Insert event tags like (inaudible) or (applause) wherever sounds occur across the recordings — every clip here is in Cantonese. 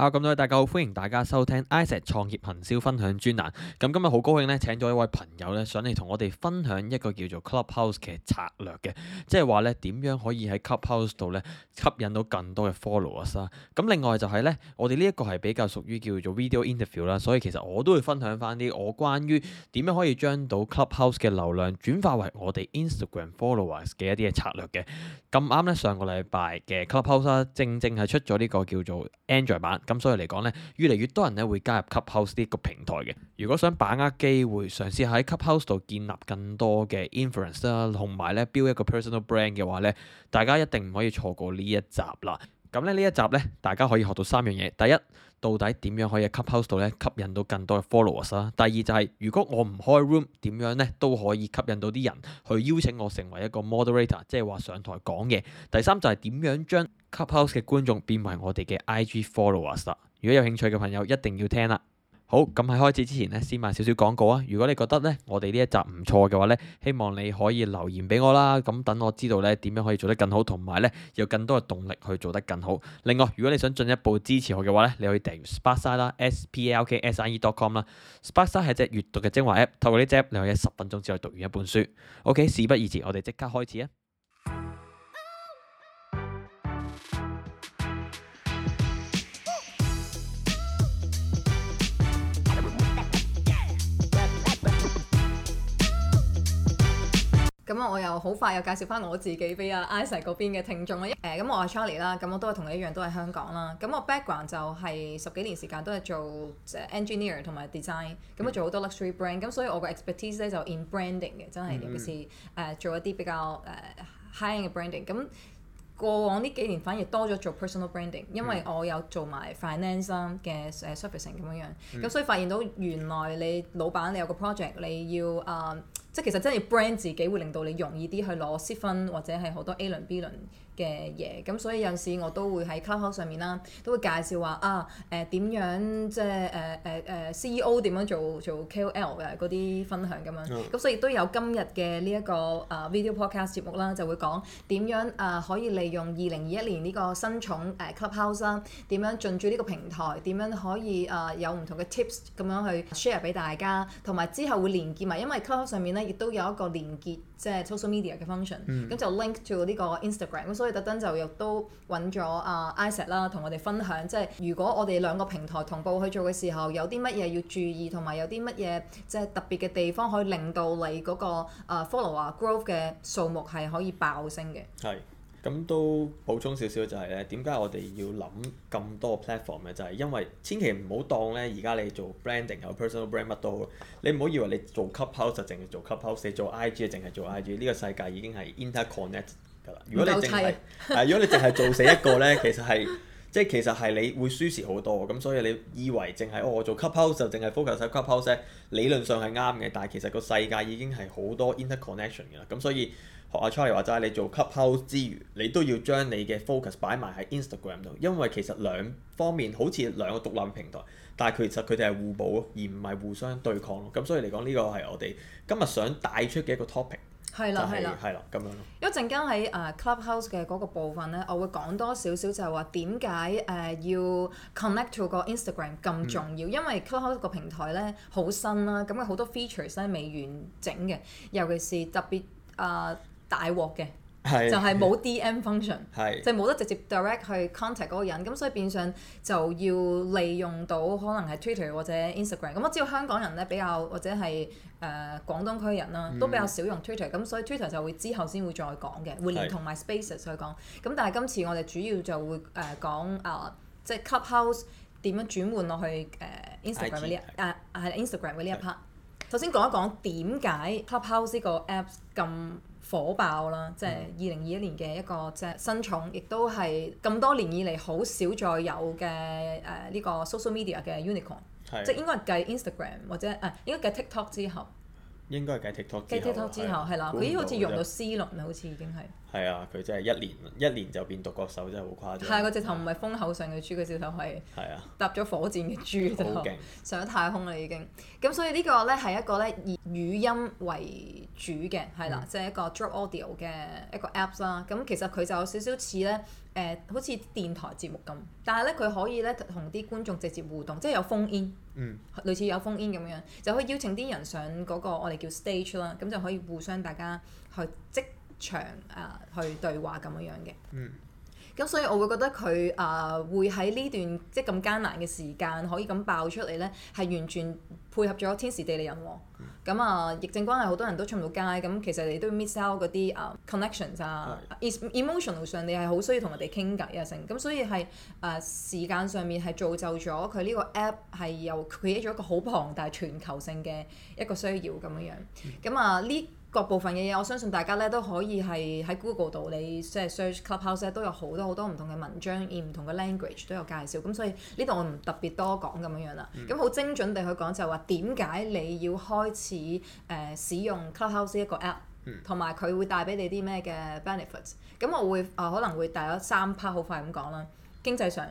啊，咁多位大家好，歡迎大家收聽 Isaac 創業行銷分享專欄。咁今日好高興咧，請咗一位朋友咧，上嚟同我哋分享一個叫做 Clubhouse 嘅策略嘅，即係話咧點樣可以喺 Clubhouse 度咧吸引到更多嘅 followers 啊。咁另外就係咧，我哋呢一個係比較屬於叫做 video interview 啦，所以其實我都會分享返啲我關於點樣可以將到 Clubhouse 嘅流量轉化為我哋 Instagram followers 嘅一啲嘅策略嘅。咁啱咧，上個禮拜嘅 Clubhouse 正正係出咗呢個叫做 Android 版。咁所以嚟講咧，越嚟越多人咧會加入 Clubhouse 呢一個平台嘅。如果想把握機會，嘗試喺 Clubhouse 度建立更多嘅 influence 啦，同埋咧 build 一個 personal brand 嘅話咧，大家一定唔可以錯過呢一集啦。咁咧呢一集咧，大家可以學到三樣嘢。第一。到底點樣可以喺 Clubhouse 度咧，吸引到更多嘅 followers 啦？第二就係、是、如果我唔開 room，點樣咧都可以吸引到啲人去邀請我成為一個 moderator，即係話上台講嘢。第三就係點樣將 Clubhouse 嘅觀眾變為我哋嘅 IG followers 啦？如果有興趣嘅朋友，一定要聽啦。好，咁喺開始之前呢，先賣少少廣告啊！如果你覺得呢，我哋呢一集唔錯嘅話呢，希望你可以留言俾我啦，咁等我知道呢點樣可以做得更好，同埋呢有更多嘅動力去做得更好。另外，如果你想進一步支持我嘅話呢，你可以訂閱 s p a r k i d e 啦，s p l k s e dot com 啦。Sparkside 係隻閲讀嘅精華 App，透過呢隻 App 你可以喺十分鐘之內讀完一本書。OK，事不宜遲，我哋即刻開始啊！咁我又好快又介紹翻我自己俾阿 Isa 嗰邊嘅聽眾啦。誒、呃，咁、嗯、我係 Charlie 啦、嗯。咁我都係同你一樣，都係香港啦。咁、嗯、我 background 就係十幾年時間都係做 engineer 同埋 design、嗯。咁我、嗯、做好多 luxury brand、嗯。咁所以我個 expertise 咧就 in branding 嘅，真係尤其是誒、嗯呃、做一啲比較誒、呃、high-end 嘅 branding。咁 brand、嗯、過往呢幾年反而多咗做 personal branding，因為我有做埋 finance 嘅 servicing 咁樣樣。咁、嗯嗯嗯、所以發現到原來你老闆你有個 project，你要啊～、嗯即其實真係 brand 自己會令到你容易啲去攞 seed 分，或者係好多 A 輪、B 輪。嘅嘢咁，所以有陣時我都會喺 Clubhouse 上面啦，都會介紹話啊誒點、呃、樣即係誒誒誒 CEO 點樣做做 KOL 嘅嗰啲分享咁樣，咁、oh. 所以亦都有今日嘅呢一個啊、呃、video podcast 節目啦，就會講點樣啊、呃、可以利用二零二一年呢個新寵誒、呃、Clubhouse 點樣進駐呢個平台，點樣可以啊、呃、有唔同嘅 tips 咁樣去 share 俾大家，同埋之後會連結埋，因為 Clubhouse 上面咧亦都有一個連結即係 social media 嘅 function，咁、mm. 就 link to 呢個 Instagram 咁所以。特登就又都揾咗啊 Isaac 啦，同我哋分享，即係如果我哋兩個平台同步去做嘅時候，有啲乜嘢要注意，同埋有啲乜嘢即係特別嘅地方，可以令到你嗰、那個 follow 啊 growth 嘅數目係可以爆升嘅。係咁都補充少少就係、是、咧，點解我哋要諗咁多 platform 嘅？就係、是、因為千祈唔好當咧，而家你做 branding 有 personal brand 乜都，你唔好以為你做 Clubhouse 就淨係做 Clubhouse，你做 IG 就淨係做 IG。呢個世界已經係 interconnect。如果你淨係斗， (laughs) 如果你淨係做死一個呢，其實係，即係其實係你會輸蝕好多嘅。咁所以你以為淨係哦，我做 Cup House 就淨係 focus 喺 Cup House 理論上係啱嘅。但係其實個世界已經係好多 interconnection 嘅啦。咁所以學阿 Charlie 話齋，你做 Cup House 之餘，你都要將你嘅 focus 擺埋喺 Instagram 度，因為其實兩方面好似兩個獨立平台，但係其實佢哋係互補咯，而唔係互相對抗咯。咁所以嚟講，呢個係我哋今日想帶出嘅一個 topic。係啦，係啦，係 (noise) 啦，咁樣咯。一陣間喺誒 Clubhouse 嘅嗰個部分咧，我會講多少少就係話點解誒要 connect to 個 Instagram 咁重要？嗯、因為 Clubhouse 個平台咧好新啦，咁佢好多 features 咧未完整嘅，尤其是特別誒、呃、大鑊嘅。是就係冇 DM function，是就冇得直接 direct 去 contact 嗰個人，咁所以變相就要利用到可能係 Twitter 或者 Instagram。咁我知道香港人咧比較或者係誒、呃、廣東區人啦，都比較少用 Twitter，咁、嗯、所以 Twitter 就會之後先會再講嘅，是會連同埋 Spaces 去講。咁但係今次我哋主要就會誒、呃、講、呃 Clubhouse 呃、啊，即係 Clubhouse 點樣轉換落去誒 Instagram 呢一啊係 Instagram 嗰啲 part。首先是講一講點解 Clubhouse 呢個 apps 咁火爆啦，即係二零二一年嘅一個即係、就是、新寵，亦都係咁多年以嚟好少再有嘅誒。呢、呃這個 social media 嘅 unicorn，< 是的 S 2> 即係應該係計 Instagram 或者誒、呃、應該計 TikTok 之後。應該係繼 TikTok 之後係啦，佢已經好似用到 C 輪啦，好似已經係。係啊，佢真係一年一年就變獨角獸，真係好誇張。係啊，個直頭唔係風口上嘅豬，個直頭係搭咗火箭嘅豬，啊、上咗太空啦已經。咁所以呢個咧係一個咧以語音為主嘅，係啦、啊，即係、嗯、一個 Drop Audio 嘅一個 Apps 啦。咁其實佢就有少少似咧誒，好似電台節目咁，但係咧佢可以咧同啲觀眾直接互動，即、就、係、是、有 phone in。嗯，類似有封煙咁樣，就可以邀請啲人上嗰、那個我哋叫 stage 啦，咁就可以互相大家去即場啊去對話咁樣樣嘅。嗯。咁所以我會覺得佢啊、呃、會喺呢段即咁艱難嘅時間可以咁爆出嚟，呢係完全配合咗天時地利人和。咁、嗯嗯、啊，疫症關係好多人都出唔到街，咁、嗯、其實你都 miss out 嗰啲 connections 啊 emotionally 上你係好需要同人哋傾偈啊，成咁所以係啊時間上面係造就咗佢呢個 app 係又 create 咗一個好龐大全球性嘅一個需要咁樣樣。咁、嗯嗯嗯嗯、啊呢～各部分嘅嘢，我相信大家咧都可以係喺 Google 度，你即係 search clubhouse 都有好多好多唔同嘅文章，以唔同嘅 language 都有介紹，咁所以呢度我唔特別多講咁樣樣啦。咁好、嗯、精準地去講就係話，點解你要開始誒、呃、使用 clubhouse 一個 app，同埋佢會帶俾你啲咩嘅 benefits？咁我會誒、呃、可能會帶咗三 part 好快咁講啦。經濟上。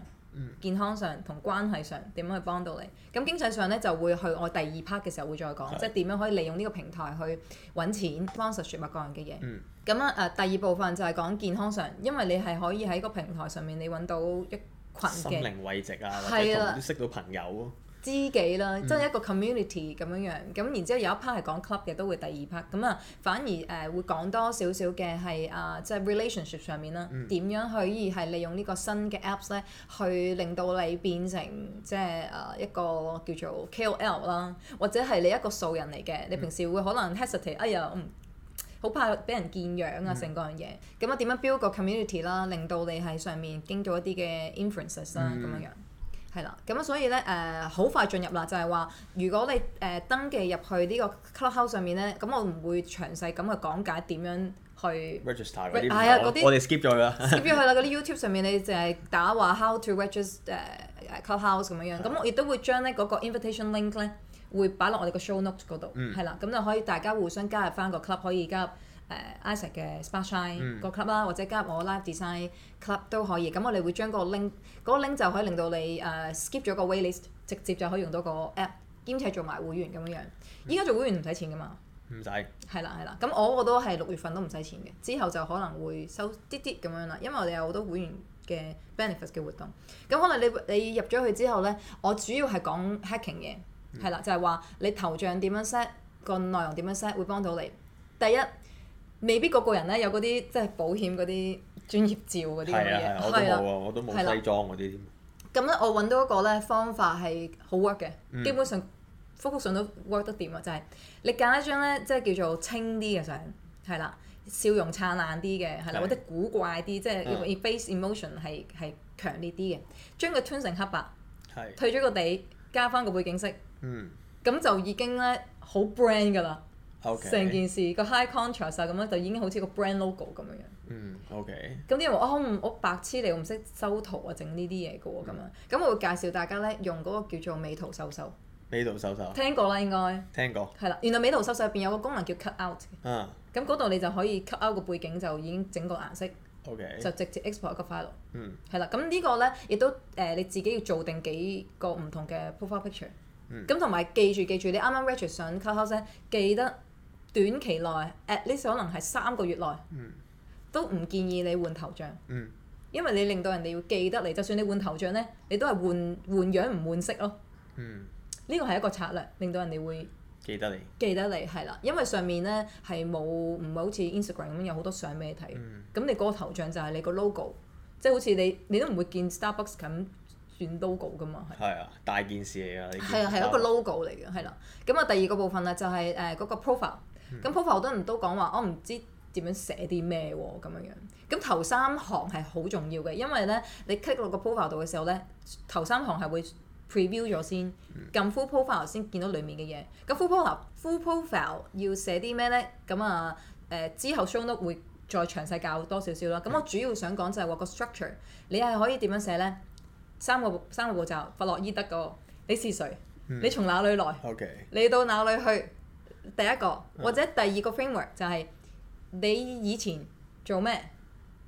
健康上同關係上點樣去幫到你？咁經濟上呢，就會去我第二 part 嘅時候會再講，是的 即係點樣可以利用呢個平台去揾錢幫實物各人嘅嘢。咁啊誒，第二部分就係講健康上，因為你係可以喺個平台上面你揾到一群嘅心靈慰藉啊，或者識到朋友、啊知己啦，嗯、即係一個 community 咁樣樣。咁然之後有一 part 係講 club 嘅，都會第二 part。咁啊，反而誒、呃、會講多少少嘅係啊，即係 relationship 上面啦，點、嗯、樣可以係利用呢個新嘅 apps 咧，去令到你變成即係啊、呃、一個叫做 KOL 啦，或者係你一個素人嚟嘅，你平時會可能 hesitate，哎呀，好怕俾人見啊、嗯、樣啊，成個樣嘢。咁啊，點樣 build 個 community 啦，令到你喺上面經到一啲嘅 inferences 啦，咁這樣樣、嗯。嗯係啦，咁所以咧誒好快進入啦，就係、是、話如果你誒、呃、登記入去呢個 clubhouse 上面咧，咁我唔會詳細咁去講解點樣去 register 嗰啲，係、呃、啊啲、啊啊啊、我哋 skip 咗佢啦，skip 咗佢啦，嗰啲 YouTube 上面你淨係打話 how to register、uh, clubhouse 咁樣樣，咁、嗯、我亦都會將咧嗰個 invitation link 咧會擺落我哋個 show notes 嗰度，係啦、嗯，咁就可以大家互相加入返個 club 可以加入。誒、uh, Isaac 嘅 Sparkshine 個 club 啦，嗯、或者加入我 Live Design club 都可以。咁我哋會將個 link，嗰 link 就可以令到你誒、uh, skip 咗個 waitlist 直接就可以用到個 app，兼且做埋會員咁樣樣。依家做會員唔使錢噶嘛？唔使、嗯。係啦係啦，咁我我都係六月份都唔使錢嘅，之後就可能會收啲啲咁樣啦。因為我哋有好多會員嘅 benefits 嘅活動。咁可能你你入咗去之後咧，我主要係講 hacking 嘅，係啦，嗯、就係話你頭像點樣 set，個內容點樣 set 會幫到你。第一。未必個個人咧有嗰啲即係保險嗰啲專業照嗰啲咁嘅嘢，係啦、啊，係、啊、我都冇、啊、西裝嗰啲咁咧，啊、我揾到一個咧方法係好 work 嘅，嗯、基本上幅幅相都 work 得掂啊！就係、是、你揀一張咧，即係叫做清啲嘅相，係啦、啊，笑容燦爛啲嘅，係啦、啊，是啊、或者古怪啲，即係 face emotion 係係、嗯啊、強烈啲嘅，將佢 turn 成黑白，啊、褪咗個地，加翻個背景色，嗯，咁、嗯、就已經咧好 brand 㗎啦。成 Okay. 件事個 high contrast 啊咁樣就已經好似個 brand logo 咁樣樣。嗯，OK。咁啲人話：哦，我白痴嚟，我唔識修圖啊，整呢啲嘢嘅喎咁樣。咁、嗯、我會介紹大家咧，用嗰個叫做美圖秀秀。美圖秀秀聽過啦，應該。聽過。係啦，原來美圖秀秀入邊有個功能叫 cut out。啊。咁嗰度你就可以 cut out 個背景，就已經整個顏色。OK。就直接 export 一個 file。嗯。係啦，咁呢個咧亦都誒、呃、你自己要做定幾個唔同嘅 profile picture。嗯。咁同埋記住記住，你啱啱 register 想 cut out 先，記得。短期內，誒呢，可能係三個月內，嗯、都唔建議你換頭像，嗯、因為你令到人哋要記得你。就算你換頭像咧，你都係換換樣唔換色咯。呢個係一個策略，令到人哋會記得你。記得你係啦，因為上面咧係冇唔係好似 Instagram 咁有好多相畀你睇。咁、嗯、你個頭像就係你個 logo，即係好似你你都唔會見 Starbucks 咁轉 logo 噶嘛。係啊，大件事嚟㗎。係啊，係一個 logo 嚟㗎，係啦。咁啊，第二個部分啊，就係誒嗰個 profile。嗯嗯嗯嗯咁 profile 好多人都講話，我、哦、唔知點樣寫啲咩喎咁樣樣。咁頭三行係好重要嘅，因為咧你 click 落個 profile 度嘅時候咧，頭三行係會 preview 咗先，撳 full profile 先見到裡面嘅嘢。咁、嗯、full profile full profile 要寫啲咩咧？咁啊誒、呃、之後 show note 會再詳細教多少少啦。咁我主要想講就係話個 structure，你係可以點樣寫咧？三個三個步驟：弗洛伊德個你是誰？嗯、你從哪裏來？你 okay. 到哪裏去？第一個或者第二個 framework 就係你以前做咩？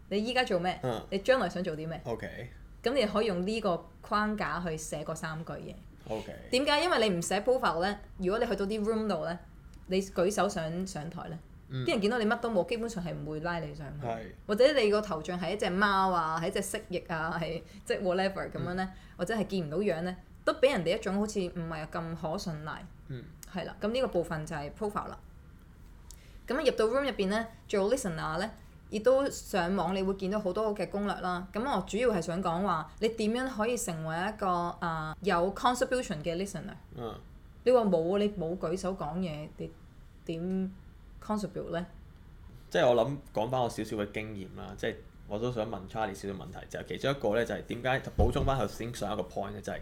你依家做咩？啊、你將來想做啲咩？OK 咁你可以用呢個框架去寫個三句嘢。OK，點解？因為你唔寫 profile 咧，如果你去到啲 room 度咧，你舉手想上台咧，啲、嗯、人見到你乜都冇，基本上係唔會拉你上去。嗯、或者你個頭像係一隻貓啊，係一隻蜥蜴啊，係即係 whatever 咁樣咧，嗯、或者係見唔到樣咧，都俾人哋一種好似唔係咁可信賴。嗯。係啦，咁呢個部分就係 profile 啦。咁入到 room 入邊呢，做 listener 呢，亦都上網，你會見到好多嘅攻略啦。咁我主要係想講話，你點樣可以成為一個啊、呃、有 contribution 嘅 listener？嗯。你話冇你冇舉手講嘢，你點 contribute 呢？即係我諗講翻我少少嘅經驗啦，即係我都想問 Charlie 少少問題，就係其中一個呢，就係點解就補充翻頭先上一個 point 嘅就係。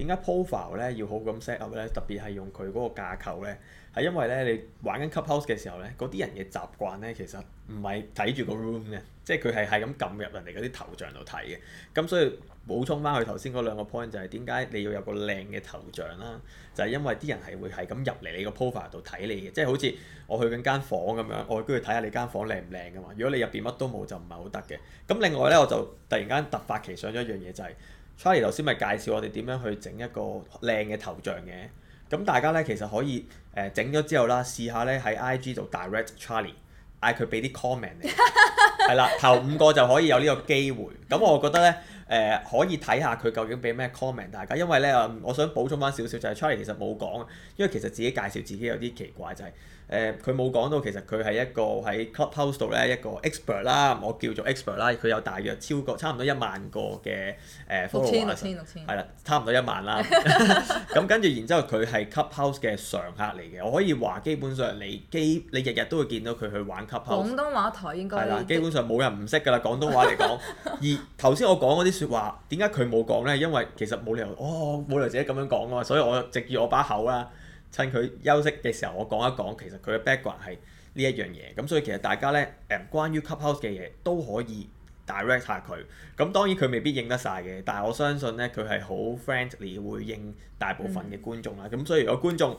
點解 profile 咧要好咁 set up 咧？特別係用佢嗰個架構咧，係因為咧你玩緊 clubhouse 嘅時候咧，嗰啲人嘅習慣咧，其實唔係睇住個 room 嘅，即係佢係係咁撳入人哋嗰啲頭像度睇嘅。咁所以補充翻佢頭先嗰兩個 point 就係點解你要有個靚嘅頭像啦、啊？就係、是、因為啲人係會係咁入嚟你個 profile 度睇你嘅，即係好似我去緊間房咁樣，嗯、我跟住睇下你間房靚唔靚噶嘛。如果你入邊乜都冇，就唔係好得嘅。咁另外咧，我就突然間突發奇想咗一樣嘢、就是，就係。Charlie 頭先咪介紹我哋點樣去整一個靚嘅頭像嘅，咁大家咧其實可以誒整咗之後啦，試下咧喺 IG 做 direct Charlie，嗌佢俾啲 comment 嚟，係啦， (laughs) 頭五個就可以有呢個機會。咁我覺得咧誒、呃、可以睇下佢究竟俾咩 comment 大家，因為咧我想補充翻少少就係 Charlie 其實冇講，因為其實自己介紹自己有啲奇怪就係、是。誒佢冇講到，其實佢係一個喺 Clubhouse 度咧一個 expert 啦，我叫做 expert 啦，佢有大約超過差唔多一萬個嘅誒 follower，係啦，差唔多一萬啦。咁跟住，然之後佢係 Clubhouse 嘅常客嚟嘅，我可以話基本上你基你日日都會見到佢去玩 Clubhouse。廣東話台應該係啦，基本上冇人唔識㗎啦，廣東話嚟講。而頭先我講嗰啲説話，點解佢冇講咧？因為其實冇理由，哦冇理由自己咁樣講喎，所以我直接我把口啦。趁佢休息嘅時候，我講一講其實佢嘅 background 係呢一樣嘢，咁所以其實大家呢誒關於 cuphouse 嘅嘢都可以 direct 下佢，咁當然佢未必認得晒嘅，但我相信呢，佢係好 friendly 會應大部分嘅觀眾啦，咁、嗯、所以如果觀眾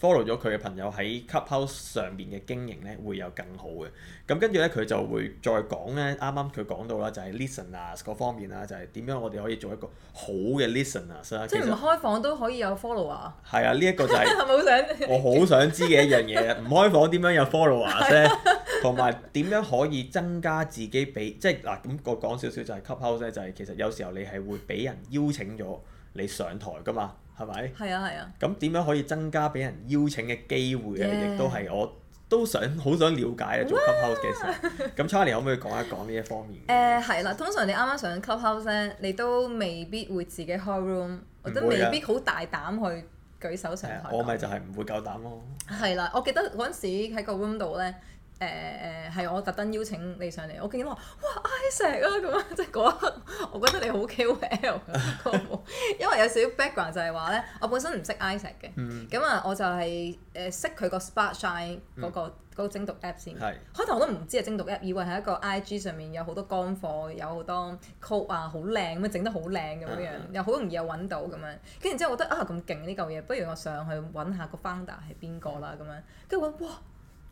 follow 咗佢嘅朋友喺 cuphouse 上邊嘅經營咧，會有更好嘅。咁跟住咧，佢就會再講咧，啱啱佢講到啦，就係 listeners 嗰方面啦，就係、是、點樣我哋可以做一個好嘅 listeners 啦。其實即係唔開房都可以有 follower。係啊，呢、這、一個就係我好想知嘅一樣嘢。唔 (laughs) 開房點樣有 follower 啫、 (laughs) 啊？同埋點樣可以增加自己俾即係嗱咁個講少少就係 cuphouse 咧，就係、是、其實有時候你係會俾人邀請咗你上台㗎嘛。係咪？係啊，係啊。咁點、啊、樣可以增加俾人邀請嘅機會啊？Yeah. 亦都係我都想好想了解啊！做 clubhouse 嘅時候，咁哇 Charlie (laughs) 可唔可以講一講呢一方面？誒係啦，通常你啱啱上 clubhouse 咧，你都未必會自己開 room，或者未必好大膽去舉手上台、啊。我咪就係唔會夠膽咯。係啦、啊，我記得嗰陣時喺個 room 度咧。誒誒，係、呃、我特登邀請你上嚟，我見到話，哇，Isaac 啊，咁樣即係嗰一刻，我覺得你好 K O L (laughs) 因為有少少 background 就係話咧，我本身唔識 Isaac 嘅，咁啊、嗯，我就係、是、誒、呃、識佢 Sp、那個 spot shine 嗰個精讀 app 先，嗯、開頭我都唔知係精讀 app，以為係一個 i g 上面有好多乾貨，有好多 code 啊，好靚咁樣整得好靚咁樣樣，嗯、又好容易又揾到咁樣，跟住之後我覺得啊咁勁呢嚿嘢，不如我上去揾下個 founder 係邊個啦咁樣，跟住揾哇～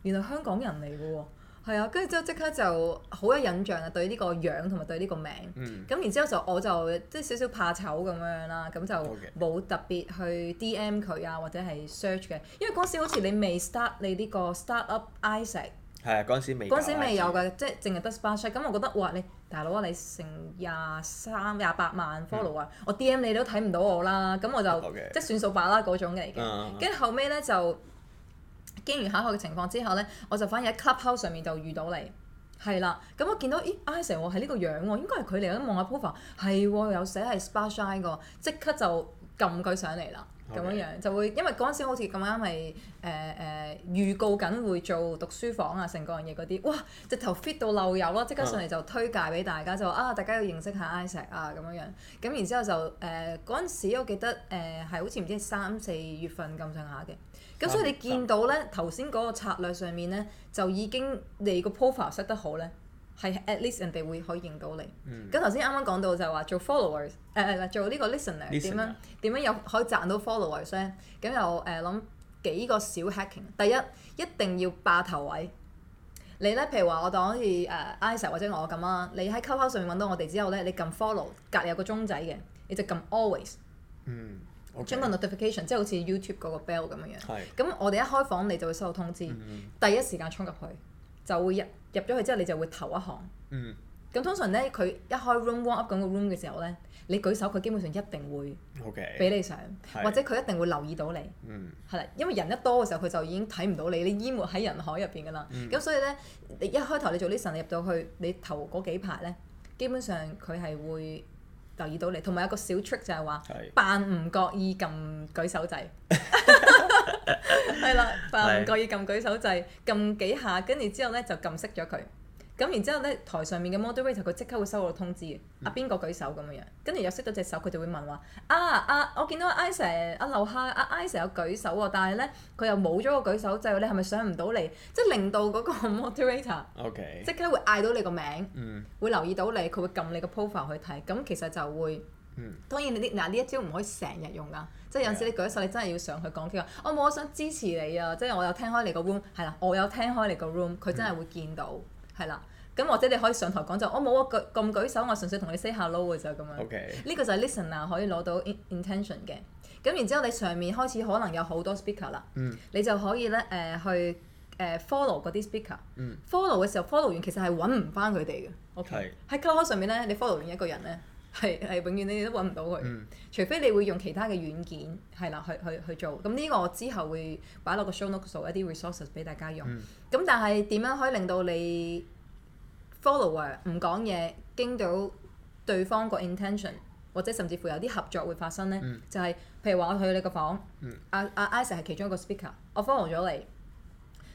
原來香港人嚟嘅喎，係啊，跟住之後即刻就好有印象啊，對呢個樣同埋對呢個名。咁、嗯、然之後就我就即係少少怕醜咁樣啦，咁就冇特別去 DM 佢啊，或者係 search 嘅。因為嗰時好似你未 start 你呢個 start up Isaac、嗯。係啊，嗰時未。嗰時未有㗎，有 IC 即係淨係得 Snapchat 咁我覺得哇，你大佬啊，你成廿三廿八萬 follow 啊，我 DM 你都睇唔到我啦，咁我就、嗯、okay，即係算數白啦嗰種嚟嘅。跟住、嗯、後尾咧就。經完考核嘅情況之後呢，我就反而喺 clubhouse 上面就遇到你，係啦。咁我見到咦，Isa 喎係呢個樣喎，應該係佢嚟。咁望下 profile 係喎，有寫係 Sparkshine 個，即刻就撳佢上嚟啦。咁樣樣就會，Okay. 因為嗰陣時好似咁啱係誒誒預告緊會做讀書房啊，成個樣嘢嗰啲，哇！直頭 fit 到漏油咯，即刻上嚟就推介俾大家，uh huh. 就啊大家要認識下 Isaac 啊咁樣樣。咁然之後就誒嗰陣時我記得誒係、呃、好似唔知三四月份咁上下嘅。咁、uh huh. 所以你見到呢頭先嗰個策略上面呢，就已經你個 profile set 得好呢。係 at least 人哋會可以認到你。咁頭先啱啱講到就係話做 followers，誒、啊、誒，做呢個 listener 點 Listener，樣點樣又可以賺到 followers 咧？咁又誒諗幾個小 hacking。第一，一定要霸頭位。你咧，譬如話我當好似誒 Isa 或者我咁啦，你喺 QQ 上面揾到我哋之後咧，你撳 follow，隔離有個鐘仔嘅，你就撳 always。嗯，我，將個 notification 即係好似 YouTube 嗰個 bell 咁樣樣。咁係我哋一開房你就會收到通知，嗯嗯第一時間衝入去就會一。入咗去之後你就會頭一行，咁、嗯、通常咧佢一開 room warm up 咁個 room 嘅時候咧，你舉手佢基本上一定會，俾你上，okay，或者佢一定會留意到你，係、嗯，因為人一多嘅時候佢就已經睇唔到你，你淹沒喺人海入邊噶啦，咁、嗯、所以咧，你一開頭你做 listen，你入到去你頭嗰幾排咧，基本上佢係會留意到你，同埋有個小 trick 就係話扮唔覺意撳舉手掣。的 (laughs) 係啦，唔覺 (laughs) 意撳舉手掣，撳幾下，跟住之後咧就撳熄咗佢。咁然後之後咧，台上面嘅 moderator 佢即刻會收到通知，阿邊個舉手咁樣，跟住又熄到隻手，佢就會問話啊啊，我見到 Isa，阿樓下阿 Isa 有舉手喎，但係咧佢又冇咗個舉手掣，你係咪上唔到嚟？即係令到嗰個 moderator 即刻會嗌到你個名，Okay. 會留意到你，佢會撳你個 profile 去睇，咁其實就會。嗯，當然你啲嗱呢一招唔可以成日用噶，即係有時你舉手，Yeah. 你真係要上去講，我冇我想支持你啊！即、就、係、是、我有聽開你個 room 係啦，我有聽開你個 room，佢真係會見到係啦。咁、mm. 或者你可以上台講就，我冇啊咁舉手，我純粹同你 say 下 low 嘅啫咁樣。呢 Okay. 個就係 listener 可以攞到 intention 嘅。咁然之後你上面開始可能有好多 speaker 啦，mm. 你就可以咧誒、呃、去 follow 嗰啲 speaker。follow 嘅、mm. 時候 follow 完其實係揾唔翻佢哋嘅。喺、okay? 是 Clubhouse 上面咧，你 follow 完一個人咧。係係永遠你哋都揾唔到佢，嗯、除非你會用其他嘅軟件係啦去去去做。咁呢個我之後會擺落個 show notes 度一啲 resources 俾大家用。咁、嗯、但係點樣可以令到你 follower 唔講嘢，經到對方個 intention，或者甚至乎有啲合作會發生呢？嗯、就係譬如話我去你個房，阿阿 Isa 係其中一個 speaker，我 follow 咗你。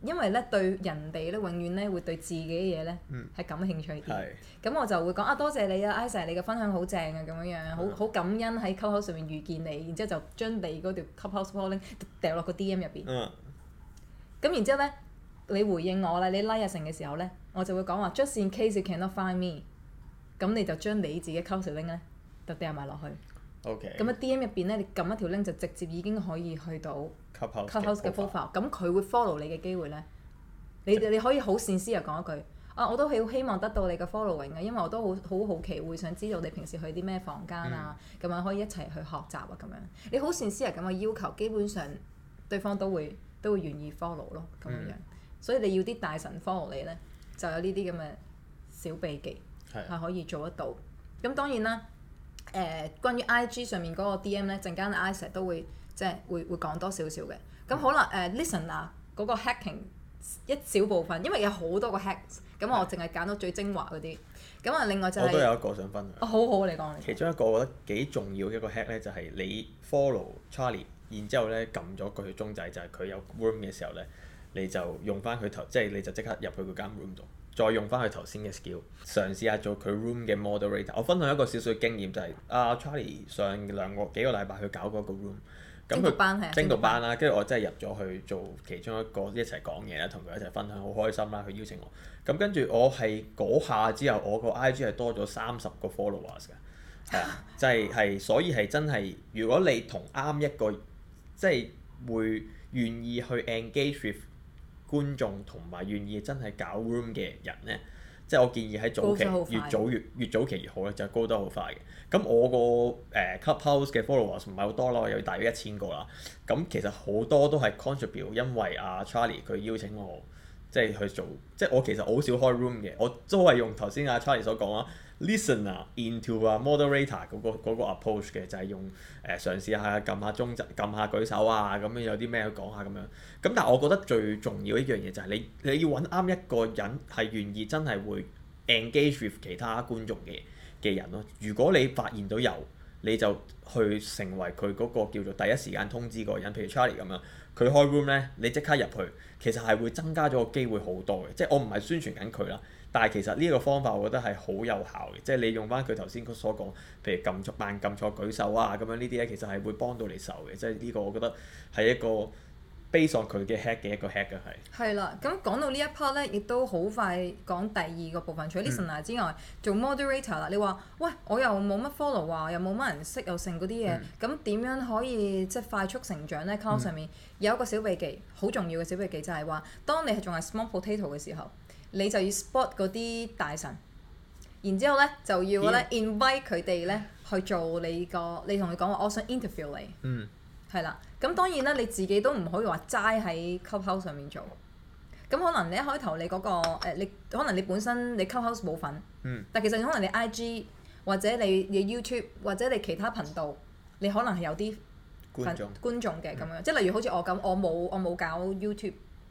因為咧對人哋咧永遠咧會對自己嘅嘢咧係感興趣啲、嗯，咁我就會講啊多謝你啊 i s a 你嘅分享好正啊，咁、嗯、樣樣好好感恩喺 c 口上面遇見你，然之後就將你嗰條 c 口，u c o u 小 i n k 掉落個 DM 入邊。咁然之後咧，你回應我啦，你拉入成嘅時候咧，我就會講話 i n case cannot find me，咁你就將你自己 c 口 u、嗯、c o u 小 i n k 咧就掉埋落去。O.K. 咁啊 D.M. 入邊咧，你撳一條 link 就直接已經可以去到 Clubhouse 嘅 profile。咁佢會 Follow 你嘅機會咧，你的你可以好善思啊講一句啊，我都好希望得到你嘅 Following 啊，因為我都好好好奇會想知道你平時去啲咩房間啊，咁、嗯、樣可以一齊去學習啊咁樣。你好善思啊咁嘅要求，基本上對方都會都會願意 Follow 咯咁樣。嗯、所以你要啲大神 Follow 你咧，就有呢啲咁嘅小秘技係的可以做得到。咁當然啦。誒、呃、關於 IG 上面嗰個 DM 咧，陣間 I 社都會即係會會講多少少嘅。咁好啦，誒、嗯呃、listen 啊，嗰個 hacking 一小部分，因為有好多個 hack，咁我淨係揀到最精華嗰啲。咁啊的，另外就係、是、我都有一個想分享。享、哦。好好你講。你其中一個我覺得幾重要嘅一個 hack 咧，就係、是、你 follow Charlie，然之後咧撳咗佢鐘仔，就係、是、佢有 room 嘅時候咧，你就用翻佢頭，即係你就即刻入去嗰間 room 度。再用翻佢頭先嘅 skill，嘗試下做佢 room 嘅 moderator。我分享一個少少經驗就係、是、阿、啊、Charlie 上兩個幾個禮拜去搞嗰個 room，咁佢精讀班係啊，精讀班啦，跟住我真係入咗去做其中一個一齊講嘢啦，同佢一齊分享，好開心啦。佢邀請我，咁跟住我係嗰下之後，我 IG 個 IG 係多咗三十個 followers 㗎，係啊， (laughs) 就係、是、係，所以係真係，如果你同啱一個，即係會願意去 engage with，觀眾同埋願意真係搞 room 嘅人呢，即係我建議喺早期越早越越早，越，越早期越好咧，就是、高得好快嘅。咁我個誒、呃、Clubhouse 嘅 followers 唔係好多咯，有大約一千個啦。咁其實好多都係 contribute，因為阿、啊、Charlie 佢邀請我即係、就是、去做，即係我其實好少開 room 嘅，我都係用頭先阿、啊、Charlie 所講啦。Listener into a moderator 嗰、那個嗰、那個 approach 嘅就係、是、用誒、呃、嘗試下撳下鐘掣撳下舉手啊，咁樣有啲咩講下咁樣。咁但係我覺得最重要一樣嘢就係你你要搵啱一個人係願意真係會 engage with 其他觀眾嘅嘅人咯。如果你發現到有，你就去成為佢嗰個叫做第一時間通知嗰個人，譬如 Charlie 咁樣，佢開 room 咧，你即刻入去，其實係會增加咗個機會好多嘅。即係我唔係宣傳緊佢啦。但係其實呢一個方法，我覺得係好有效嘅，即係你用翻佢頭先所講，譬如撳錯扮撳錯舉手啊，咁樣呢啲咧其實係會幫到你受嘅，即係呢個我覺得係一個悲 a 佢嘅 hack 嘅一個 hack 嘅係。係啦，咁講到一呢一 part 咧，亦都好快講第二個部分，除咗 listener、嗯、之外，做 moderator 啦，你話喂我又冇乜 follow 啊，又冇乜人識，又剩嗰啲嘢，咁點、嗯、樣可以即係快速成長呢？c l a s、嗯、s 上面有一個小秘技，好重要嘅小秘技就係、是、話，當你係仲係 small potato 嘅時候。你就要 spot 嗰啲大神，然之後咧就要咧 Yeah. invite 佢哋咧去做你個你同佢講話，我想 interview 你。嗯、mm.。係啦，咁當然啦，你自己都唔可以話齋喺 clubhouse 上面做，咁可能你一開頭你嗰、那個誒、呃，你可能你本身你 clubhouse 冇份，嗯。Mm. 但其實可能你 IG 或者你你 YouTube 或者你其他頻道，你可能係有啲觀眾觀眾嘅咁樣，mm. 即係例如好似我咁，我冇我冇搞 YouTube。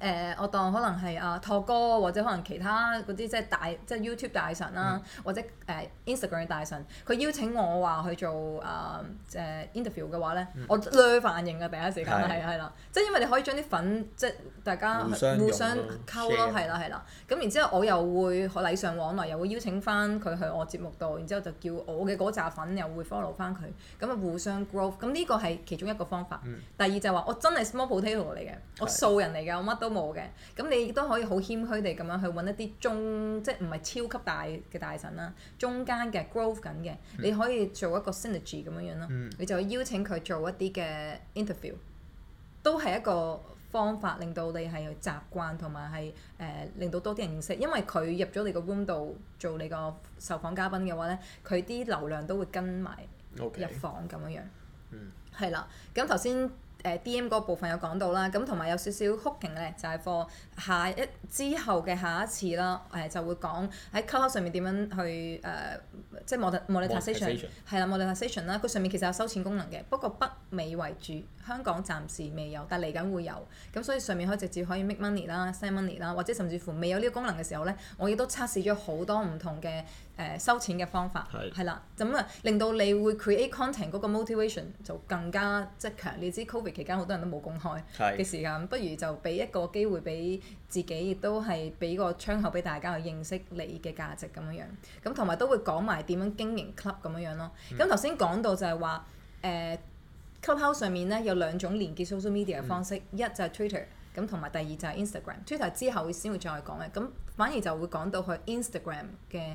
誒，我當可能係阿託哥或者可能其他嗰啲即係大即係 YouTube 大神啦，或者誒 Instagram 大神，佢邀請我話去做誒誒 interview 嘅話咧，我略反應嘅第一時間係係啦，即係因為你可以將啲粉即係大家互相溝咯，係啦係啦，咁然之後我又會禮尚往來，又會邀請翻佢去我節目度，然之後就叫我嘅嗰紮粉又會 follow 翻佢，咁啊互相 growth 咁，呢個係其中一個方法。第二就係話我真係 small potato 嚟嘅，我素人嚟嘅，我乜都～都冇嘅，咁你亦都可以好謙虛地咁樣去揾一啲中，即係唔係超級大嘅大神啦，中間嘅 growth 緊嘅，嗯、你可以做一個 synergy 咁樣樣咯，嗯、你就邀請佢做一啲嘅 interview，都係一個方法令、呃，令到你係有習慣同埋係誒令到多啲人認識，因為佢入咗你個 room 度做你個受訪嘉賓嘅話呢，佢啲流量都會跟埋入房咁樣 Okay, 樣，嗯，係啦，咁頭先。誒 D.M 嗰部分有講到啦，咁同埋有少少曲勁咧，就係放下一之後嘅下一次啦。誒就會講喺溝溝上面點樣去誒、呃，即係 Monetization Monetization 係啦，Monetization 啦，佢上面其實有收錢功能嘅，不過北美為主，香港暫時未有，但係嚟緊會有咁，所以上面可以直接可以 make money 啦，send money 啦，或者甚至乎未有呢個功能嘅時候咧，我亦都測試咗好多唔同嘅。誒收錢嘅方法係係是啦，咁啊令到你會 create content 嗰個 motivation 就更加即係強。你知 Covid 期間好多人都冇公開嘅時間，是不如就俾一個機會俾自己，亦都係俾個窗口俾大家去認識你嘅價值咁樣樣。咁同埋都會講埋點樣經營 club 咁樣樣咯。咁頭先講到就係話誒、呃、Clubhouse 上面咧有兩種連結 social media 嘅方式，嗯、一就係 Twitter 咁，同埋第二就係 Instagram。Twitter 之後先會再講嘅，咁反而就會講到去 Instagram 嘅。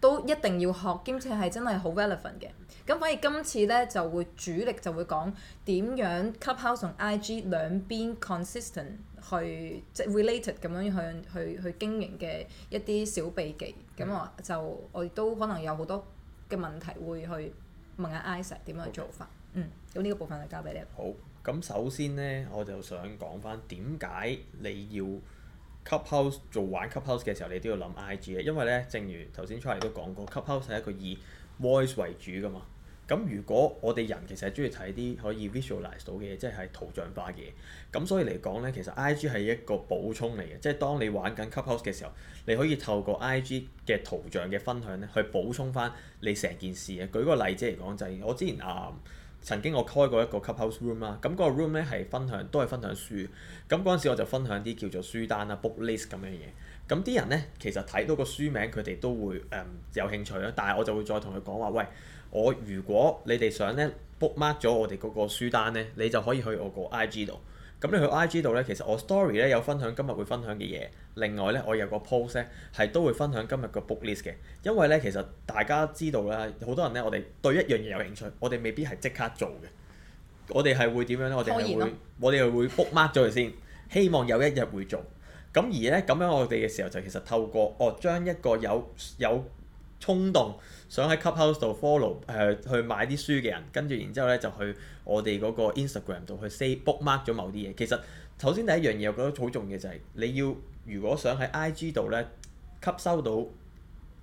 都一定要學，兼且係真係好 relevant 嘅。咁反而今次呢，就會主力就會講點樣 Clubhouse 同 IG 兩邊 consistent 去即係 related 咁樣去去去經營嘅一啲小秘技。咁、嗯、我就我亦都可能有好多嘅問題會去問下 Isa 點樣去做法。Okay. 嗯，咁呢個部分就交俾你。好，咁首先呢，我就想講翻點解你要。cuphouse 做玩 cuphouse 嘅時候，你都要諗 IG，因為咧，正如頭先出嚟都講過，cuphouse 係一個以 voice 為主噶嘛。咁如果我哋人其實係中意睇啲可以 visualize 到嘅嘢，即係圖像化嘅嘢，咁所以嚟講咧，其實 IG 係一個補充嚟嘅，即係當你玩緊 cuphouse 嘅時候，你可以透過 IG 嘅圖像嘅分享咧，去補充翻你成件事嘅。舉個例子嚟講，就係我之前啊。嗯曾經我開過一個 Clubhouse room 啦，咁嗰個 room 咧係分享，都係分享書。咁嗰陣時我就分享啲叫做書單啦 book list 咁樣嘢。咁啲人咧其實睇到個書名，佢哋都會誒、嗯、有興趣啦。但係我就會再同佢講話，喂，我如果你哋想咧 book mark 咗我哋嗰個書單咧，你就可以去我個 IG 度。咁你去 IG 度呢，其實我 story 呢有分享今日會分享嘅嘢，另外呢，我有個 post 呢，係都會分享今日個 book list 嘅，因為呢，其實大家知道啦，好多人呢，我哋對一樣嘢有興趣，我哋未必係即刻做嘅，我哋係會點樣呢？我哋係會，我哋係會 book mark 咗佢先，希望有一日會做。咁而呢，咁樣我哋嘅時候就其實透過哦將一個有有。衝動想喺 cuphouse 度 follow 誒、呃、去買啲書嘅人，跟住然之後咧就去我哋嗰個 Instagram 度去 say book mark 咗某啲嘢。其實首先第一樣嘢，我覺得好重要嘅就係、是、你要如果想喺 IG 度咧吸收到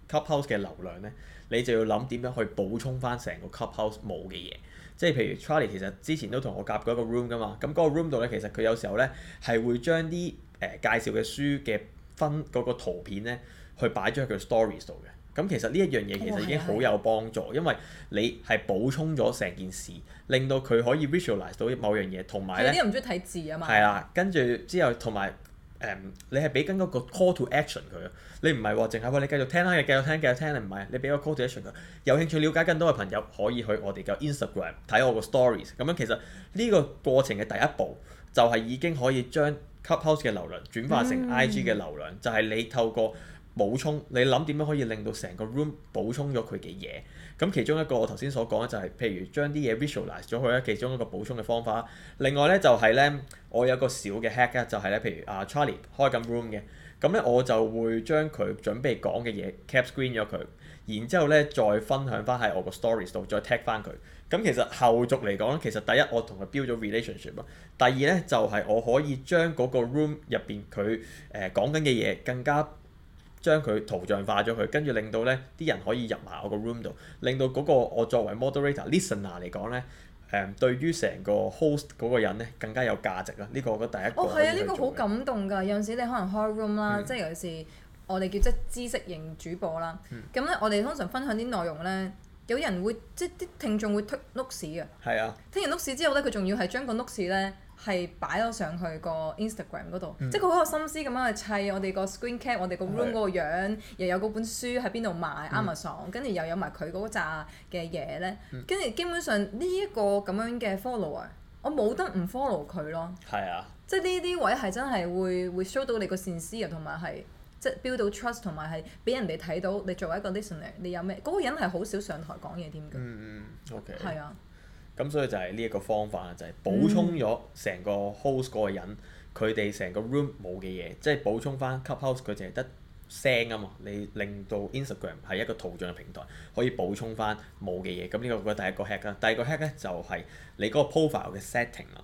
cuphouse 嘅流量咧，你就要諗點樣去補充翻成個 cuphouse 冇嘅嘢。即係譬如 Charlie 其實之前都同我夾過一個 room 噶嘛，咁嗰個 room 度咧其實佢有時候咧係會將啲誒、呃、介紹嘅書嘅分嗰、那個圖片咧去擺喺佢 stories 度嘅。咁其實呢一樣嘢其實已經好有幫助，的因為你係補充咗成件事，令到佢可以 visualise 到某樣嘢，同埋咧有啲人唔中意睇字啊嘛。係啦，跟住之後同埋誒，你係俾緊嗰個 call to action 佢啊。你唔係喎，淨係話你繼續聽啦，你繼續聽，繼續聽，你唔係。你俾個 call to action 佢，有興趣了解更多嘅朋友可以去我哋嘅 Instagram 睇我個 stories。咁樣其實呢個過程嘅第一步就係、是、已經可以將 Clubhouse 嘅流量轉化成 IG 嘅流量，嗯、就係你透過。補充，你諗點樣可以令到成個 room 補充咗佢嘅嘢？咁其中一個我頭先所講嘅就係、是、譬如將啲嘢 visualize 咗佢咧，其中一個補充嘅方法。另外咧就係、是、咧，我有個小嘅 hack 咧，就係咧，譬如阿 Charlie 開緊 room 嘅，咁咧我就會將佢準備講嘅嘢 cap screen 咗佢，然之後咧再分享翻喺我個 stories 度再 tag 翻佢。咁其實後續嚟講咧，其實第一我同佢 build 咗 relationship 啊，第二咧就係、是、我可以將嗰個 room 入邊佢誒講緊嘅嘢更加。將佢圖像化咗佢，跟住令到呢啲人可以入埋我個 room 度，令到嗰、那個我作為 moderator listener 嚟講呢，誒、嗯、對於成個 host 嗰個人呢更加有價值啦。呢、這個我覺得第一個。哦，係啊，呢、這個好感動㗎。有陣時你可能開 room 啦，即係、嗯、尤其是我哋叫即知識型主播啦。咁呢、嗯，我哋通常分享啲內容呢，有人會即啲聽眾會推碌屎㗎。係啊。的聽完碌屎之後呢，佢仲要係將個碌屎呢。係擺咗上去個 Instagram 嗰度，嗯、即係佢好有心思咁樣去砌我哋個 screen cap，我哋個 room 嗰個樣，是又有嗰本書喺邊度買，Amazon，跟住、嗯、又有埋佢嗰扎嘅嘢咧。跟住、嗯、基本上呢一個咁樣嘅 follower，我冇得唔 follow 佢咯。係、嗯、啊。即係呢啲位係真係會會 show 到你個善思啊，同埋係即係 build 到 trust，同埋係俾人哋睇到你作為一個 listener，你有咩嗰、嗰個人係好少上台講嘢添㗎。嗯嗯，OK。係啊。咁所以就係呢一個方法啦，就係、是、補充咗成個 host 嗰個人，佢哋成個 room 冇嘅嘢，即係補充翻 Clubhouse 佢淨係得聲啊嘛，你令到 Instagram 係一個圖像嘅平台，可以補充翻冇嘅嘢。咁呢個我第一個 hack 啦，第二個 hack 咧就係你嗰個 profile 嘅 setting 啦。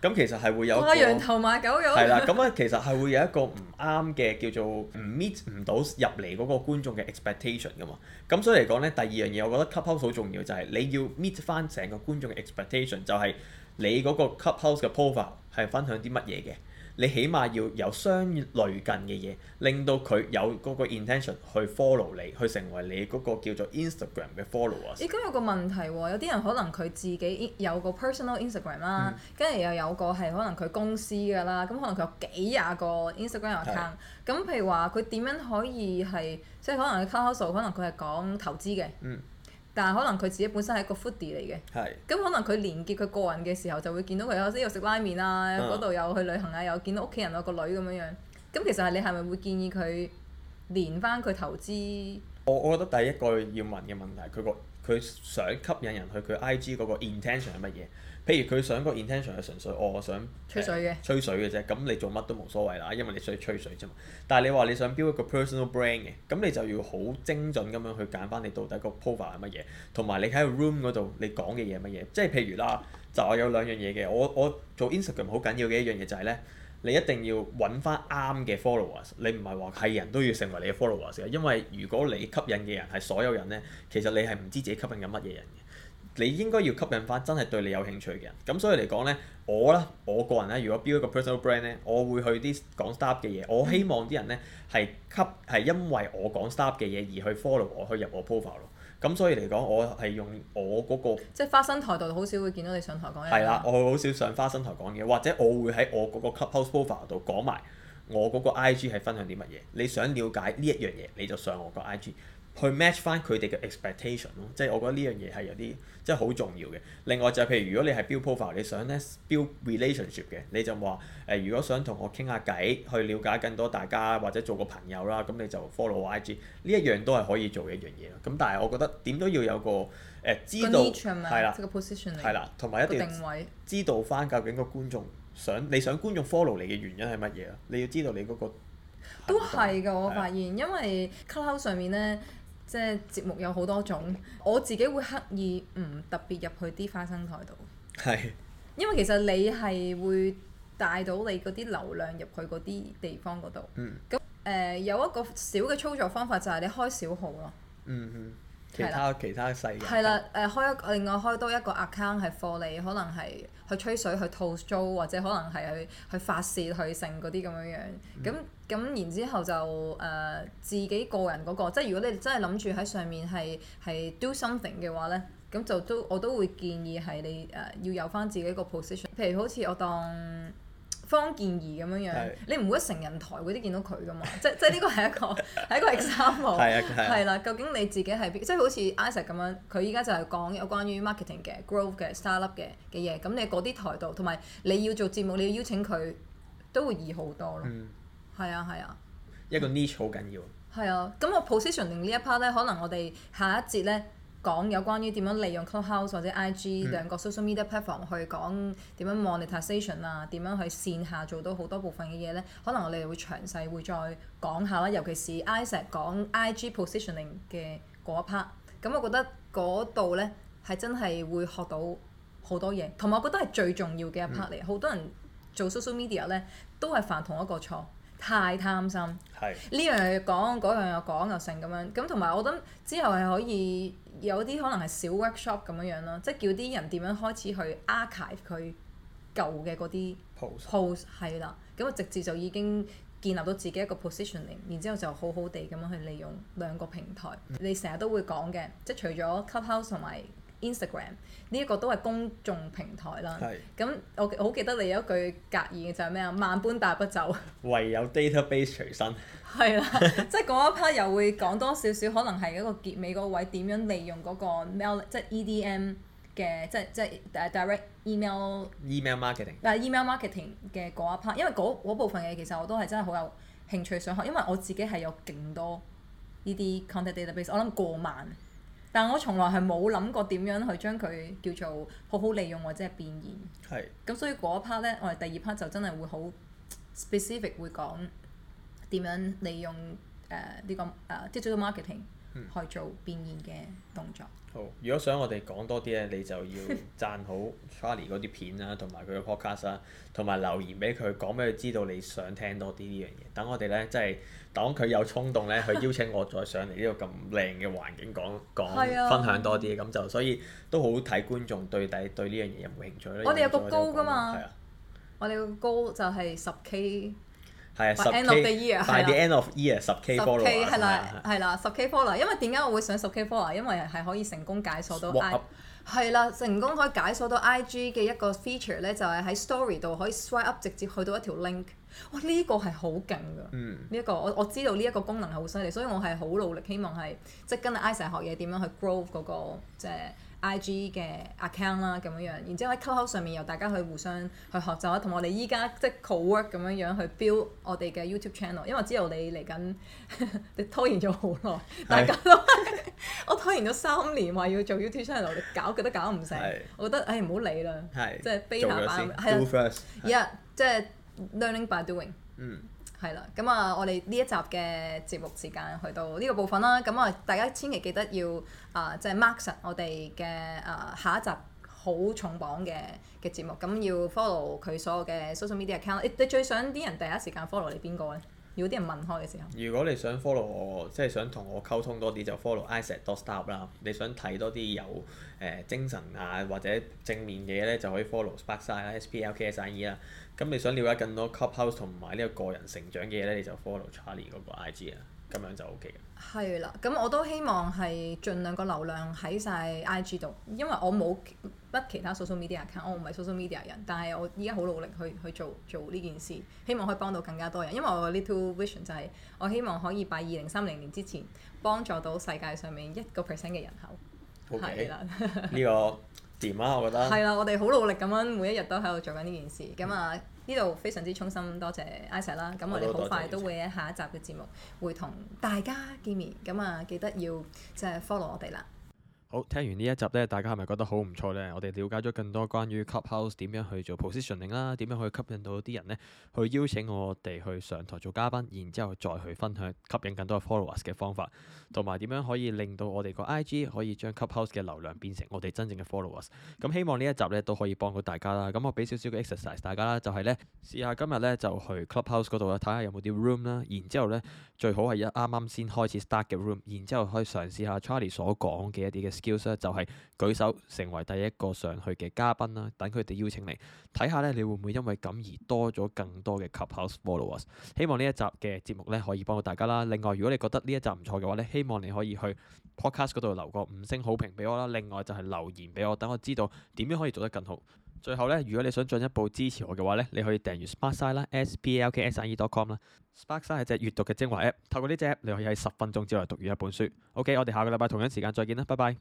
咁其實係會有一個，係啦，咁啊，其實係會有一個唔啱嘅叫做唔 meet 唔到入嚟嗰個觀眾嘅 expectation 㗎嘛。咁所以嚟講咧，第二樣嘢我覺得 Clubhouse 好重要，就係、是、你要 meet 返成個觀眾嘅 expectation，就係你嗰個 Clubhouse 嘅 profile 係分享啲乜嘢嘅。你起碼要有相類近嘅嘢，令到佢有嗰個 intention 去 follow 你，去成為你嗰個叫做 Instagram 嘅 follow 啊。咦，咁有個問題喎、哦，有啲人可能佢自己有個 personal Instagram 啦、嗯，跟住又有個係可能佢公司㗎啦，咁可能佢有幾廿個 Instagram account 是。咁譬如話，佢點樣可以係即係可能佢 couple 數，可能佢係講投資嘅。嗯但係可能佢自己本身係一個 foodie 嚟嘅，咁是可能佢連結佢個人嘅時候，就會見到佢有啲又食拉麵啊，嗰度又去旅行啊，又見到屋企人、啊、有個女咁樣樣。咁其實係你係咪會建議佢連返佢投資？我我覺得第一個要問嘅問題，佢個佢想吸引人去佢 IG 嗰個 intention 係乜嘢？譬如佢想個 intention 係純粹、哦，我想、呃、吹水嘅吹水嘅啫，咁你做乜都冇所謂啦，因為你想吹，吹水啫嘛。但係你話你想 build 一個 personal brand 嘅，咁你就要好精準咁樣去揀翻你到底個 profile 係乜嘢，同埋你喺 room 嗰度你講嘅嘢係乜嘢。即係譬如啦，就我有兩樣嘢嘅，我我做 Instagram 好緊要嘅一樣嘢就係咧，你一定要揾翻啱嘅 followers。你唔係話係人都要成為你嘅 followers 嘅，因為如果你吸引嘅人係所有人咧，其實你係唔知自己吸引緊乜嘢人。你應該要吸引翻真係對你有興趣嘅人，咁所以嚟講呢，我咧我個人呢，如果 build 一個 personal brand 呢，我會去啲講 start 嘅嘢，我希望啲人呢係吸係因為我講 start 嘅嘢而去 follow 我，去入我 profile 咯。咁所以嚟講，我係用我嗰個，即係花生台度好少會見到你上台講嘢。係啦，我好少上花生台講嘢，或者我會喺我嗰個 post profile 度講埋我嗰個 IG 係分享啲乜嘢。你想了解呢一樣嘢，你就上我個 IG。去 match 翻佢哋嘅 expectation 咯，即係我覺得呢樣嘢係有啲即係好重要嘅。另外就係、是、譬如如果你係 build profile，你想咧 build relationship 嘅，你就話誒、呃、如果想同我傾下偈，去了解更多大家或者做個朋友啦，咁你就 follow 我 IG 呢一樣都係可以做嘅一樣嘢咯。咁但係我覺得點都要有個誒、呃、知道係啦，是是了即係個 position 嚟係啦，同埋一定要定位知道翻究竟個觀眾想你想觀眾 follow 你嘅原因係乜嘢咯？你要知道你嗰個都係㗎，了我發現因為 cloud 上面咧。即係節目有好多種，我自己會刻意唔特別入去啲花生台度。係。因為其實你係會帶到你嗰啲流量入去嗰啲地方嗰度。咁誒、嗯呃、有一個小嘅操作方法就係你開小號咯。嗯哼。其他的其他細嘅，係啦，誒開一個另外開多一個 account 係 for 你，可能係去吹水、去套租，或者可能係去去發泄、去勝嗰啲咁樣樣。咁咁、嗯、然之後就誒、呃、自己個人嗰、嗰個，即係如果你真係諗住喺上面係係 do something 嘅話咧，咁就都我都會建議係你誒、呃、要有翻自己一個 position，譬如好似我當。方建議咁樣樣，的你唔會喺成人台嗰啲見到佢㗎嘛？ (laughs) 即即呢個係一個係 (laughs) 一個 example 係啦。究竟你自己係即即好似 Isaac 咁樣，佢依家就係講有關於 marketing 嘅 growth 嘅 startup 嘅嘅嘢。咁你嗰啲台度，同埋你要做節目，你要邀請佢，都會易好多咯。係啊係啊，啊嗯、啊一個 niche 好緊要。係啊，咁我 positioning 呢一 part 咧，可能我哋下一節咧。講有關於點樣利用 Clubhouse 或者 IG 兩個 social media platform 去講點樣 monetization 啊，點樣去線下做到好多部分嘅嘢呢？可能我哋會詳細會再講下啦。尤其是 Isaac 講 IG positioning 嘅嗰一 part，咁我覺得嗰度呢係真係會學到好多嘢，同埋我覺得係最重要嘅一 part 嚟。好多人做 social media 呢都係犯同一個錯。太貪心，呢是樣又講，嗰樣又講，又成咁樣。咁同埋我諗之後係可以有啲可能係小 workshop 咁樣樣咯，即係叫啲人點樣開始去 archive 佢舊嘅嗰啲 post，係啦、嗯。咁啊直接就已經建立到自己一個 positioning，然之後就好好地咁樣去利用兩個平台。嗯、你成日都會講嘅，即係除咗 clubhouse 同埋。Instagram 呢一個都係公眾平台啦。咁是、嗯、我好記得你有一句格言就係咩啊？萬般帶不走，唯有 database 隨身。係啦， (laughs) 即係嗰一 part 又會講多少少，可能係一個結尾嗰位點樣利用嗰個 mail，即係 EDM 嘅，即係即係 direct email、e 啊。Email marketing。但係 email marketing 嘅嗰一 part，因為嗰部分嘢其實我都係真係好有興趣想學，因為我自己係有勁多呢啲 contact database，我諗過萬。但我從來係冇諗過點樣去將佢叫做好好利用或者係變現。係。咁所以嗰一 part 呢，我哋第二 part 就真係會好 specific 會講點樣利用誒呢、呃這個誒、呃、digital marketing。去、嗯、做變現嘅動作。好，如果想我哋講多啲咧，你就要讚好 Charlie 嗰啲片啦，同埋佢嘅 podcast 啦，同 (laughs) 埋留言俾佢，講俾佢知道你想聽多啲呢樣嘢。等我哋咧，即係當佢有衝動咧，去邀請我再上嚟呢個咁靚嘅環境講講， (laughs) 分享多啲。咁 (laughs) 就所以都好睇觀眾對第對呢樣嘢有冇興趣。我哋有個高㗎對嘛，係啊對，我哋個高就係十 K。 (laughs) (laughs) 係啊，十 K 嘅 the year 係啦，係啦，十 K follower。因為點解我會上十 K follower？因為係可以成功解鎖到 I 係啦，成功可以解鎖到 IG 嘅一個 feature 咧，就係喺 story 度可以 swipe up 直接去到一條 link。哇、哦，呢、這個係好勁㗎！呢一，嗯，這個我我知道呢一個功能係好犀利，所以我係好努力，希望係即係跟阿 Isaac 學嘢，點樣去 grow 嗰，那個即係。IG 嘅 account 啦咁樣樣，然之後喺 QQ 上面又大家去互相去學習啊，同我哋依家即係 co-work 咁樣樣去 build 我哋嘅 YouTube channel，因為知道你嚟緊，你拖延咗好耐，大家都係我拖延咗三年話要做 YouTube channel，你搞，佢都搞唔成，我覺得唉唔好理啦，即係飛下啊，即係 learning by doing，嗯。係啦，咁啊，我哋呢一集嘅節目時間去到呢個部分啦，咁啊，大家千祈記得要啊，即、呃、係、就是、mark 實、er、我哋嘅啊下一集好重磅嘅嘅節目，咁、嗯、要 follow 佢所有嘅 social media account、欸。你最想啲人第一時間 follow 你邊個咧？如果啲人問開嘅時候，如果你想 follow 我，即係想同我溝通多啲，就 follow Isaac dot stop 啦。你想睇多啲有誒、呃、精神啊或者正面嘅嘢咧，就可以 follow Sparkside 啦，S P L K S I、e，啦。咁你想了解更多 cuphouse 同埋呢個個人成長嘅嘢咧，你就 follow Charlie 嗰個 IG 啊，咁樣就 OK 嘅。係啦，咁我都希望係盡量個流量喺晒 IG 度，因為我冇乜其他 social media account，我唔係 social media 人，但係我依家好努力去去做做呢件事，希望可以幫到更加多人。因為我嘅 little vision 就係我希望可以喺二零三零年之前幫助到世界上面一個 percent 嘅人口，係啦呢個。掂啊！我覺得係啦，我哋好努力咁樣，每一日都喺度做緊呢件事。咁啊、嗯，呢度非常之衷心多謝 Isa 啦謝。咁我哋好快都會喺下一集嘅節目會同大家見面。咁啊，記得要即係 follow 我哋啦。好，聽完呢一集呢，大家係咪覺得好唔錯呢？我哋了解咗更多關於 Clubhouse 點樣去做 positioning 啦，點樣去吸引到啲人呢？去邀請我哋去上台做嘉賓，然之後再去分享吸引更多的 followers 嘅方法，同埋點樣可以令到我哋個 IG 可以將 Clubhouse 嘅流量變成我哋真正嘅 followers。咁、嗯、希望呢一集呢都可以幫到大家啦。咁、嗯、我俾少少嘅 exercise 大家啦，就係、是、呢：試下今日呢，就去 Clubhouse 度咧睇下有冇啲 room 啦，然之後呢，最好係一啱啱先開始 start 嘅 room，然之後可以嘗試下 Charlie 所講嘅一啲嘅。s k 就係、是、舉手成為第一個上去嘅嘉賓啦，等佢哋邀請你睇下咧，看看你會唔會因為咁而多咗更多嘅 Clubhouse followers？希望呢一集嘅節目咧可以幫到大家啦。另外，如果你覺得呢一集唔錯嘅話咧，希望你可以去 podcast 嗰度留個五星好評俾我啦。另外就係留言俾我，等我知道點樣可以做得更好。最後咧，如果你想進一步支持我嘅話咧，你可以訂閱 Sparkside 啦，s, s p l k s i e dot com 啦。Sparkside 係隻閱讀嘅精華 app，透過呢隻 app 你可以喺十分鐘之內讀完一本書。OK，我哋下個禮拜同樣時間再見啦，拜拜。